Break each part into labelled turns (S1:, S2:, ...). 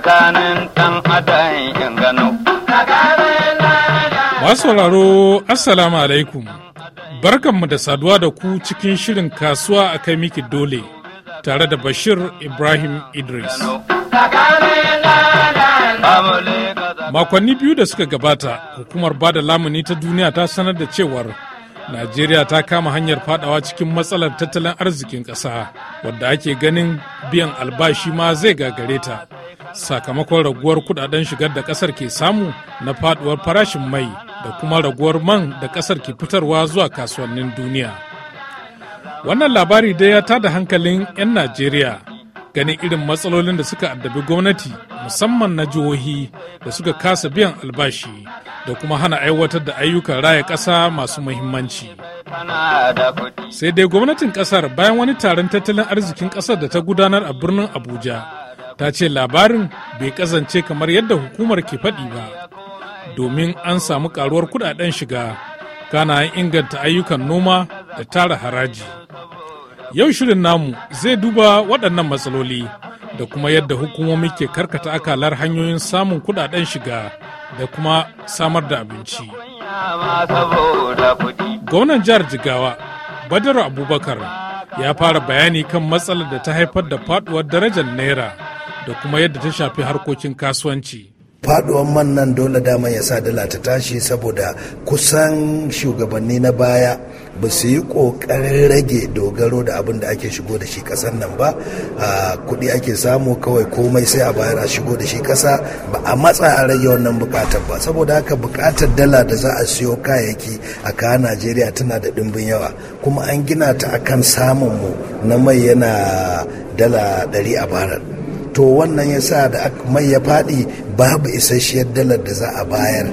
S1: tsakanin ɗan
S2: adayin Masu sauraro Assalamu alaikum. Barkanmu da saduwa da ku cikin shirin kasuwa a kai miki dole tare da Bashir Ibrahim Idris. Makonni biyu da suka gabata, hukumar bada lamuni ta duniya ta sanar da cewar Najeriya ta kama hanyar fadawa cikin matsalar tattalin arzikin ƙasa wadda ake ganin biyan albashi ma zai gagare ta sakamakon raguwar kudaden shigar da kasar ke samu na faduwar farashin mai da kuma raguwar man da kasar ke fitarwa zuwa kasuwannin duniya wannan labari dai ya tada hankalin 'yan najeriya ganin irin matsalolin da suka addabi gwamnati musamman na jihohi da suka kasa biyan albashi da kuma hana aiwatar da ayyukan raya ƙasa masu muhimmanci. sai dai gwamnatin ƙasar, bayan wani taron tattalin arzikin ƙasar da ta gudanar a birnin abuja ta ce labarin bai kasance kamar yadda hukumar ke faɗi ba domin an samu karuwar kudaden shiga kana an inganta ayyukan noma da tara haraji yau shirin namu zai duba waɗannan matsaloli da kuma yadda hukumomi ke karkata akalar hanyoyin samun kudaden shiga da kuma samar da abinci gwamnan jihar jigawa badar abubakar ya fara bayani kan matsalar da ta haifar da faduwar darajar naira da kuma yadda ta shafi harkokin kasuwanci.
S3: faduwan man nan dole dama ya sa dala ta tashi saboda kusan shugabanni na baya ba su yi ƙoƙarin rage dogaro da abin da ake shigo da shi ƙasar nan ba kuɗi ake samu kawai komai sai a bayar a shigo da shi ƙasa ba a matsa a rage wannan buƙatar ba saboda haka buƙatar dala da za a siyo kayayyaki a kawo najeriya tana da ɗimbin yawa kuma an gina ta akan samun mu na mai yana dala ɗari a barar to wannan ya sa da mai ya faɗi babu isasshiyar dalar da za a bayar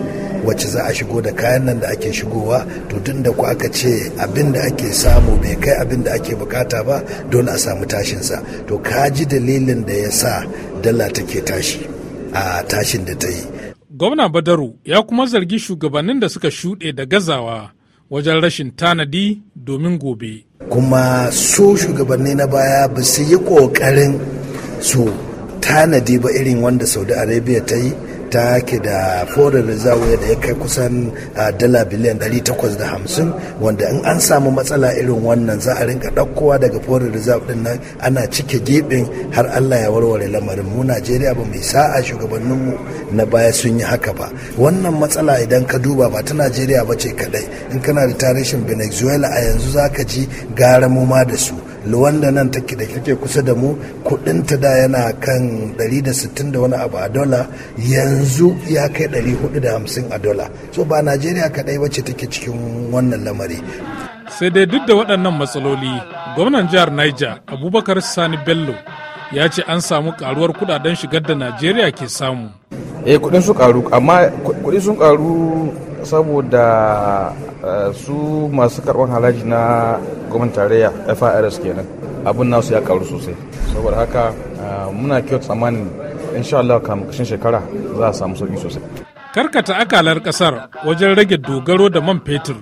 S3: wacce za a shigo da kayan nan da ake shigowa to tun da ku aka ce abin da ake samu bai kai abin da ake bukata ba don a samu tashinsa to ka ji dalilin da ya sa dala take tashi a tashin da ta yi
S2: gwamna badaru ya kuma zargi shugabannin da suka shuɗe da gazawa wajen rashin tanadi domin gobe
S3: kuma su shugabanni na baya ba su yi ƙoƙarin su tanadi ba irin wanda saudi arabia ta yi ta ke da foreign reserve da ya kai kusan dala biliyan 850 wanda in an samu matsala irin wannan za a rinka ɗaukowa daga foreign reserve din nan ana cike gibin har allah ya warware lamarin mu najeriya ba mai sa'a shugabanninmu na baya sun yi haka ba wannan matsala idan ka duba ba ta najeriya ba ce kadai in kana da tarihin venezuela a yanzu za ka ji gara mu ma da su luwanda nan take da take kusa da mu kuɗin ta da yana kan 160 da wani abu a dola yanzu ya kai 450 a dola so ba najeriya kadai wacce take cikin wannan
S2: lamari sai dai duk da waɗannan matsaloli gwamnan jihar niger abubakar sani bello ya ce an samu karuwar kudaden shigar da najeriya ke samu
S1: eh kudin su karu amma kudin sun karu saboda eh, su masu karban haraji na gwamnatin tarayya firs kenan abin nasu ya karu sosai saboda haka eh, muna kyau tsammanin insha Allah kamun kashin shekara za a samu sauki sosai
S2: karkata akalar kasar wajen rage dogaro da man fetur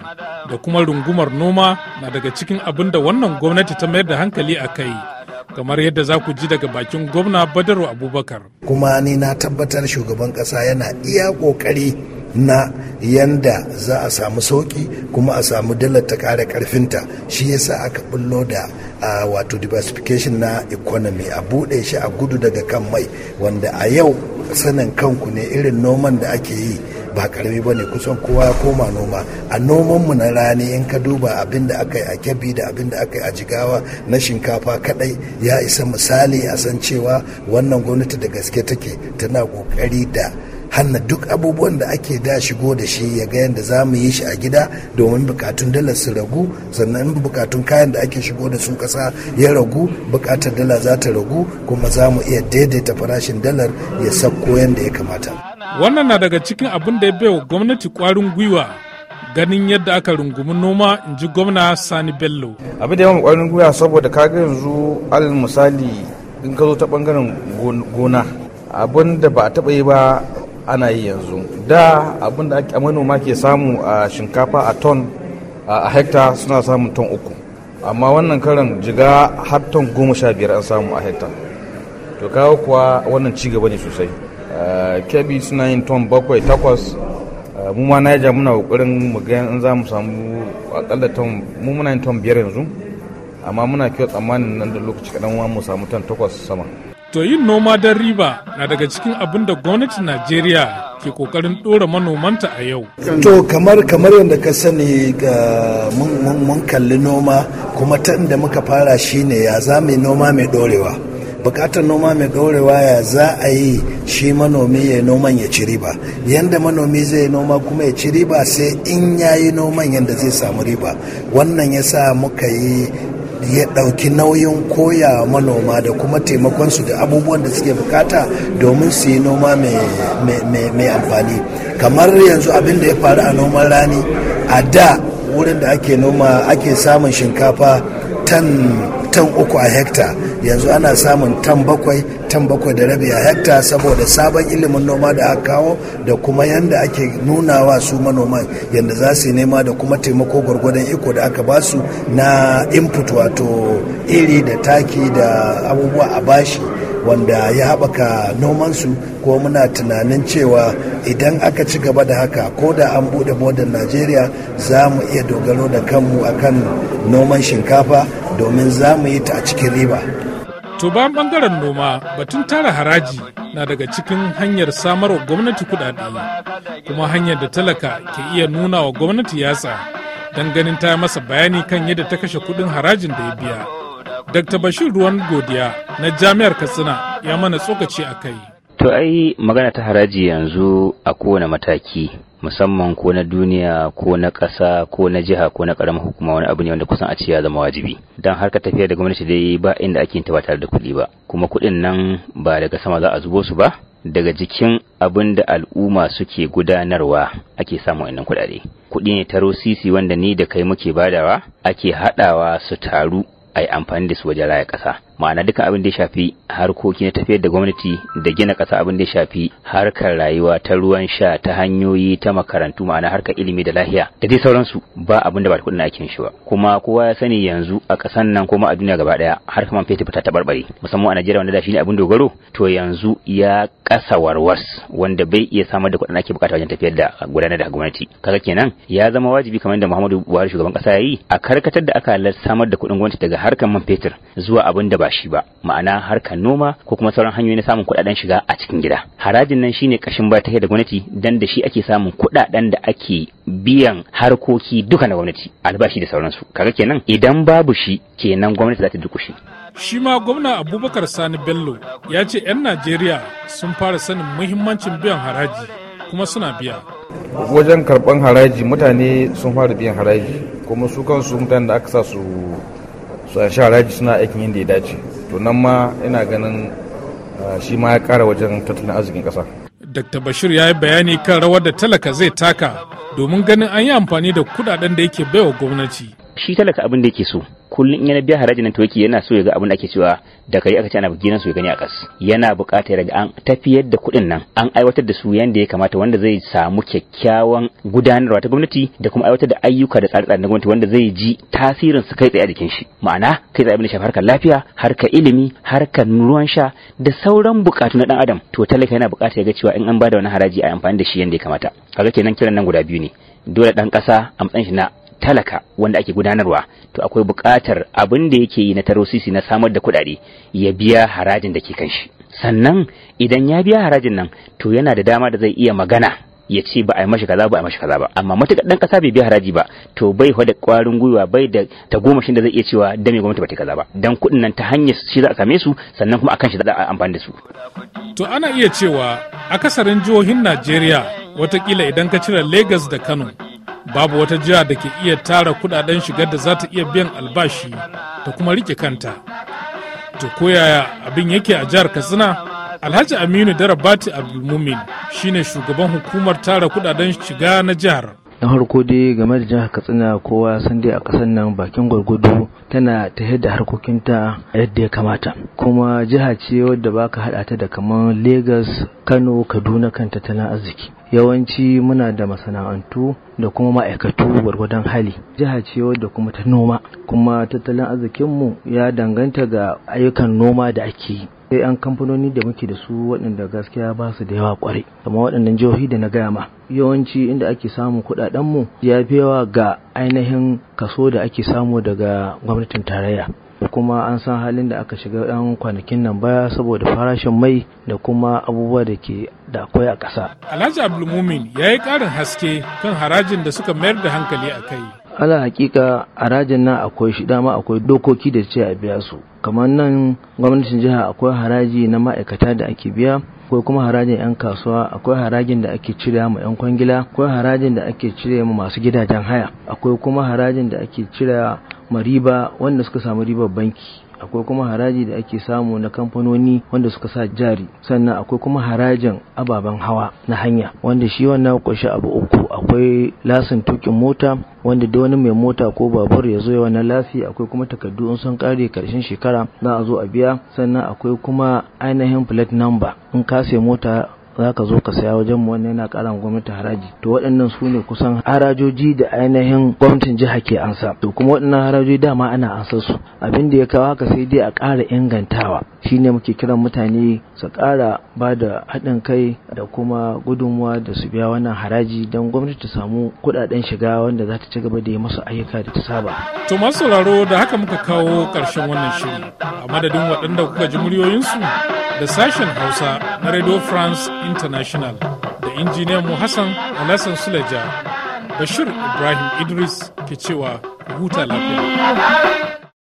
S2: da kuma rungumar noma na daga cikin abin da wannan gwamnati ta mayar da hankali a kai kamar yadda za ku ji daga bakin gwamna badaru abubakar
S3: kuma ni na tabbatar shugaban kasa yana iya kokari na yanda za a samu sauki kuma a samu dalar ta kara ƙarfinta shi yasa aka bullo da uh, wato diversification na economy a buɗe shi a gudu daga kan mai wanda a yau sanin kanku ne irin noman da ake yi ba karami ba ne kusan kowa ya koma noma a nomanmu na rani in ka duba abin da aka yi a kyabi da abin da aka yi a jigawa na shinkafa kadai ya isa misali a san cewa wannan gwamnati da gaske take tana kokari da hanna duk abubuwan da ake da shigo da shi ya ga yadda za mu yi shi a gida domin bukatun dala su ragu sannan bukatun kayan da ake shigo da su kasa ya ragu bukatar dala za ta ragu kuma za mu iya daidaita farashin dalar ya sabko yadda ya kamata
S2: wannan na daga cikin abin da ya bai wa gwamnati kwarin gwiwa ganin yadda aka rungumi noma in ji gwamna sani bello
S1: abin da ya kwarin gwiwa saboda ka ga yanzu alal misali in ka zo ta bangaren gona abin da ba a taba yi ba ana yi yanzu da abin da manoma ke samu a shinkafa a ton a hekta suna samun ton uku amma wannan karan jiga har ton goma sha biyar an samu a hekta to kawo kuwa wannan cigaba ne sosai kebi suna yin ton bakwai takwas mu ma naija muna kokarin mu ga in za mu samu akalla ton mu muna yin ton biyar yanzu amma muna kiyo tsammanin nan da lokaci kaɗan mu samu ton takwas sama
S2: To yin noma don riba na daga cikin abin da gwamnatin Najeriya ke kokarin ɗora manomanta a yau. To kamar
S3: kamar yadda ka sani mun kalli noma kuma ta inda muka fara shi ne ya za yi noma mai ɗorewa. bukatar noma mai ɗorewa ya za a yi shi manomi ya noman ya ci riba yanda manomi zai noma kuma ya ci riba sai in ya yi noman yadda zai samu riba wannan ya sa muka yi ya ɗauki nauyin koya manoma da kuma taimakon su da abubuwan da suke bukata domin su yi noma mai amfani kamar yanzu abin da ya faru a noman rani a da wurin da ake noma ake samun shinkafa tan uku a hekta yanzu ana samun tan bakwai tan bakwai da rabi a hekta saboda sabon ilimin noma da aka kawo da kuma yanda ake nunawa su manoma yanda za su nema da kuma taimako gwargwadon iko da aka ba su na input wato iri da taki da abubuwa a bashi wanda ya haɓaka nomansu ko muna tunanin cewa idan aka ci gaba da haka ko da an buɗe modern najeriya za mu iya dogaro da kanmu akan noman shinkafa domin za mu yi ta a cikin riba
S2: To bayan bangaren noma batun tara haraji na daga cikin hanyar samarwa gwamnati kudade kuma hanyar da talaka ke iya nuna wa gwamnati yatsa don ganin ta masa bayani kan yadda ta kashe kudin harajin da ya biya. Dr. Bashir Ruwan Godiya na Jami'ar Katsina ya mana tsokaci a kai.
S4: to ai magana ta haraji yanzu a kowane mataki musamman ko na duniya ko na ƙasa ko na jiha ko na ƙaramin hukuma wani abu ne wanda kusan a ce ya zama wajibi don harka tafiya da gwamnati dai ba inda ake yin ta da kuɗi ba kuma kuɗin nan ba daga sama za a zubo su ba daga jikin abin da al'umma suke gudanarwa ake samun wannan kuɗaɗe kuɗi ne taro sisi wanda ni da kai muke badawa ake haɗawa su taru a yi amfani da su wajen raya ƙasa ma'ana duka abin da ya shafi harkoki na tafiyar da gwamnati da gina ƙasa abin da ya shafi harkar rayuwa ta ruwan sha ta hanyoyi ta makarantu ma'ana harkar ilimi da lahiya da dai sauransu ba abin da ba kuɗin ake shi ba kuma kowa ya sani yanzu a ƙasar nan kuma a duniya gaba ɗaya harkar man fetur ta tabarbare musamman a Najeriya wanda da ne abin dogaro to yanzu ya ƙasa warwas wanda bai iya samar da kuɗin ake bukata wajen tafiyar da gudanar da gwamnati kaga kenan ya zama wajibi kamar da Muhammadu Buhari shugaban ƙasa ya yi a karkatar da aka samar da kuɗin gwamnati daga harkar man fetur zuwa abin da ba shi ba ma'ana harkar noma ko kuma sauran hanyoyi na samun kuɗaɗen shiga a cikin gida harajin nan shine kashin baya take da gwamnati dan da shi ake samun kuɗaɗen da ake biyan harkoki duka na gwamnati albashi da sauransu kaga kenan idan babu shi kenan gwamnati za ta dukushi.
S2: shi ma gwamna abubakar sani bello ya ce 'yan najeriya sun fara sanin muhimmancin biyan haraji kuma suna biya
S1: wajen karban haraji mutane sun fara biyan haraji kuma su kansu mutanen da aka sa su sha raji suna aikin yadda ya dace to nan ma ina ganin ah, shi ma ya kara wajen tattalin arzikin kasa
S2: dr bashir ya yi bayani kan rawar da talaka zai taka domin ganin an yi amfani da kudaden da yake baiwa
S4: gwamnati shi talaka abin da yake so kullum in yana biya haraji nan to yake yana so ya ga abin da ake cewa da kai aka ce ana gidan so ya gani a kas yana buƙatar ga an tafiyar da kuɗin nan an aiwatar da su yanda ya kamata wanda zai samu kyakkyawan gudanarwa ta gwamnati da kuma aiwatar da ayyuka da tsare-tsare na gwamnati wanda zai ji tasirin su kai tsaye a jikin shi ma'ana kai tsaye abin da shafi harkar lafiya harkar ilimi harkar ruwan sha da sauran buƙatu na dan adam to talaka yana buƙatar ya ga cewa in an bada wani haraji a amfani da shi yanda ya kamata kaga kenan kiran nan guda biyu ne dole dan ƙasa a matsayin shi na talaka wanda ake gudanarwa to akwai buƙatar abin da yake yi na tarosisi na samar da kuɗaɗe ya biya harajin da ke kan shi sannan idan ya biya harajin nan to yana da dama da zai iya magana ya ce ba a yi mashi kaza ba a yi mashi kaza ba amma matuƙar ɗan ƙasa bai biya haraji ba to bai da ƙwarin gwiwa bai da tagomashin da zai iya cewa da me gwamnati ba ta kaza ba dan kuɗin nan ta hanyar shi za a same su sannan kuma kan shi za a amfani da su
S2: to ana iya cewa akasarin jihohin Najeriya watakila idan ka cire Lagos da Kano babu wata jiha da ke iya tara kudaden shigar da za ta iya biyan albashi ta kuma rike kanta to koyaya abin yake a jihar Katsina Alhaji Aminu Darabati Abdulmumin shine shugaban hukumar tara kudaden shiga na jihar.
S5: Na harko dai game da jihar Katsina kowa san dai a ƙasar nan bakin gwargwado tana ta da harkokinta yadda ya kamata. Kuma jiha ce wadda baka haɗa ta da kamar Legas, Kano, Kaduna kan tattalin arziki. Yawanci muna da masana'antu da kuma ma'aikatu gwargwadon hali jiha ce wadda kuma ta noma kuma tattalin arzikinmu ya danganta ga ayyukan noma da ake yi Sai yan kamfanoni da muke da su waɗanda gaskiya ba su da yawa kwarai kamar waɗannan jihohi da na gaya ma yawanci inda ake samun kuɗaɗen mu ya fi yawa ga ainihin kaso da ake samu daga gwamnatin tarayya kuma an san halin da aka shiga yan kwanakin nan baya saboda farashin mai da kuma abubuwa da ke da akwai a ƙasa.
S2: Alhaji Abdulmumin ya yi ƙarin haske kan harajin da suka mayar da hankali a kai.
S5: ala hakika harajin nan akwai shi dama akwai dokoki da ce a biya su kamar nan gwamnatin jiha akwai haraji na ma'aikata da ake biya akwai kuma harajin 'yan kasuwa akwai harajin da ake cire ma 'yan kwangila akwai harajin da ake cire ma masu gidajen haya akwai kuma harajin da ake cire ma riba wanda suka samu ribar banki akwai kuma haraji da ake samu na kamfanoni wanda suka sa jari sannan akwai kuma harajin ababen hawa na hanya wanda shi wannan kwashe abu uku akwai lasin tukin mota wanda da wani mai mota ko babur ya zo ya lasi akwai kuma takardu in sun kare karshen shekara za a zo a biya sannan akwai kuma ainihin plate number in ka sai mota za ka zo ka saya wajen mu wannan yana karan gwamnati haraji to waɗannan su ne kusan harajoji da ainihin gwamnatin jiha ke ansa to kuma waɗannan harajoji dama ana ansar su abin da ya kawo haka sai dai a ƙara ingantawa shine muke kiran mutane su ƙara ba da haɗin kai da kuma gudunmuwa da su biya wannan haraji don gwamnati ta samu kuɗaɗen shiga wanda za ta ci gaba da yi masu ayyuka da ta saba.
S2: To masu sauraro da haka muka kawo ƙarshen wannan shiri a madadin waɗanda kuka ji muryoyinsu da sashen Hausa na Radio France International da injiniyan mu Hassan alasan Suleja, Bashir Ibrahim Idris ke cewa huta lafiya.